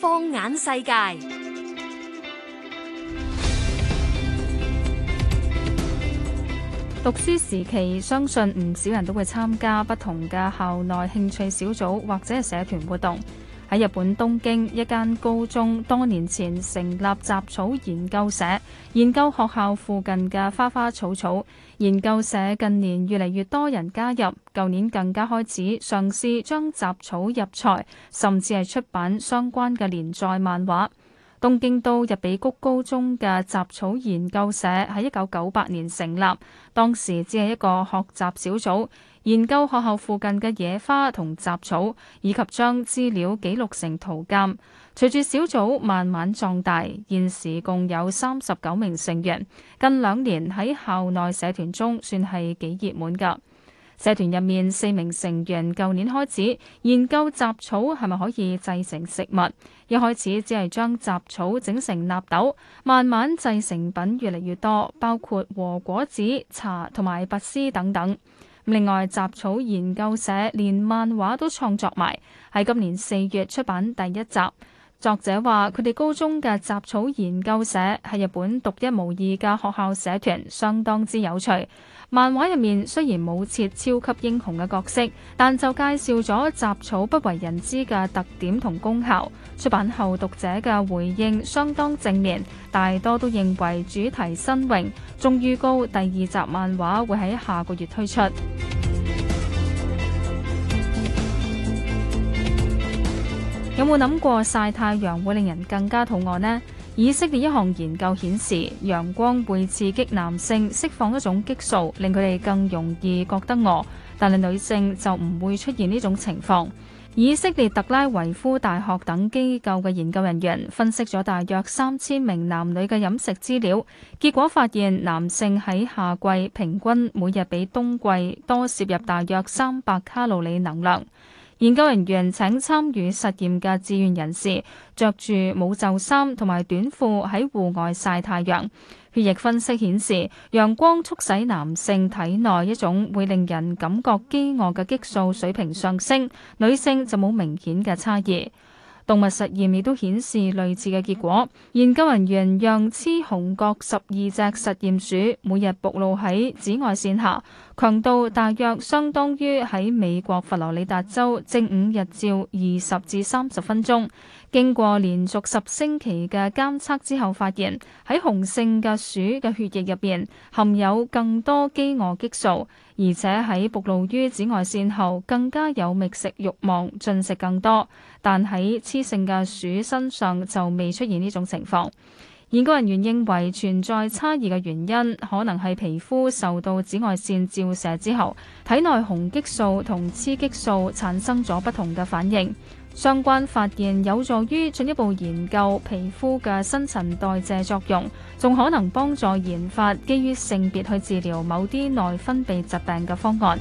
放眼世界，讀書時期，相信唔少人都會參加不同嘅校內興趣小組或者係社團活動。喺日本東京一間高中，多年前成立雜草研究社，研究學校附近嘅花花草草。研究社近年越嚟越多人加入，舊年更加開始嘗試將雜草入菜，甚至係出版相關嘅連載漫畫。東京都日比谷高中嘅雜草研究社喺一九九八年成立，當時只係一個學習小組。研究學校附近嘅野花同雜草，以及將資料記錄成圖鑑。隨住小組慢慢壯大，現時共有三十九名成員。近兩年喺校內社團中算係幾熱門㗎。社團入面四名成員，舊年開始研究雜草係咪可以製成食物。一開始只係將雜草整成納豆，慢慢製成品越嚟越多，包括和果子、茶同埋拔絲等等。另外，雜草研究社連漫畫都創作埋，喺今年四月出版第一集。作者話：佢哋高中嘅雜草研究社係日本獨一無二嘅學校社團，相當之有趣。漫畫入面雖然冇設超級英雄嘅角色，但就介紹咗雜草不為人知嘅特點同功效。出版後，讀者嘅回應相當正面，大多都認為主題新穎，仲預告第二集漫畫會喺下個月推出。有冇諗過曬太陽會令人更加肚餓呢？以色列一項研究顯示，陽光會刺激男性釋放一種激素，令佢哋更容易覺得餓，但係女性就唔會出現呢種情況。以色列特拉維夫大學等機構嘅研究人員分析咗大約三千名男女嘅飲食資料，結果發現男性喺夏季平均每日比冬季多攝入大約三百卡路里能量。研究人員請參與實驗嘅志願人士着住冇袖衫同埋短褲喺戶外曬太陽，血液分析顯示陽光促使男性體內一種會令人感覺飢餓嘅激素水平上升，女性就冇明顯嘅差異。動物實驗亦都顯示類似嘅結果。研究人員讓雌雄各十二隻實驗鼠每日暴露喺紫外線下，強度大約相當於喺美國佛羅里達州正午日照二十至三十分鐘。經過連續十星期嘅監測之後，發現喺雄性嘅鼠嘅血液入邊含有更多飢餓激素。而且喺暴露於紫外線後，更加有覓食慾望，進食更多。但喺雌性嘅鼠身上就未出現呢種情況。研究人員認為存在差異嘅原因，可能係皮膚受到紫外線照射之後，體內雄激素同雌激素產生咗不同嘅反應。相關發現有助於進一步研究皮膚嘅新陳代謝作用，仲可能幫助研發基於性別去治療某啲內分泌疾病嘅方案。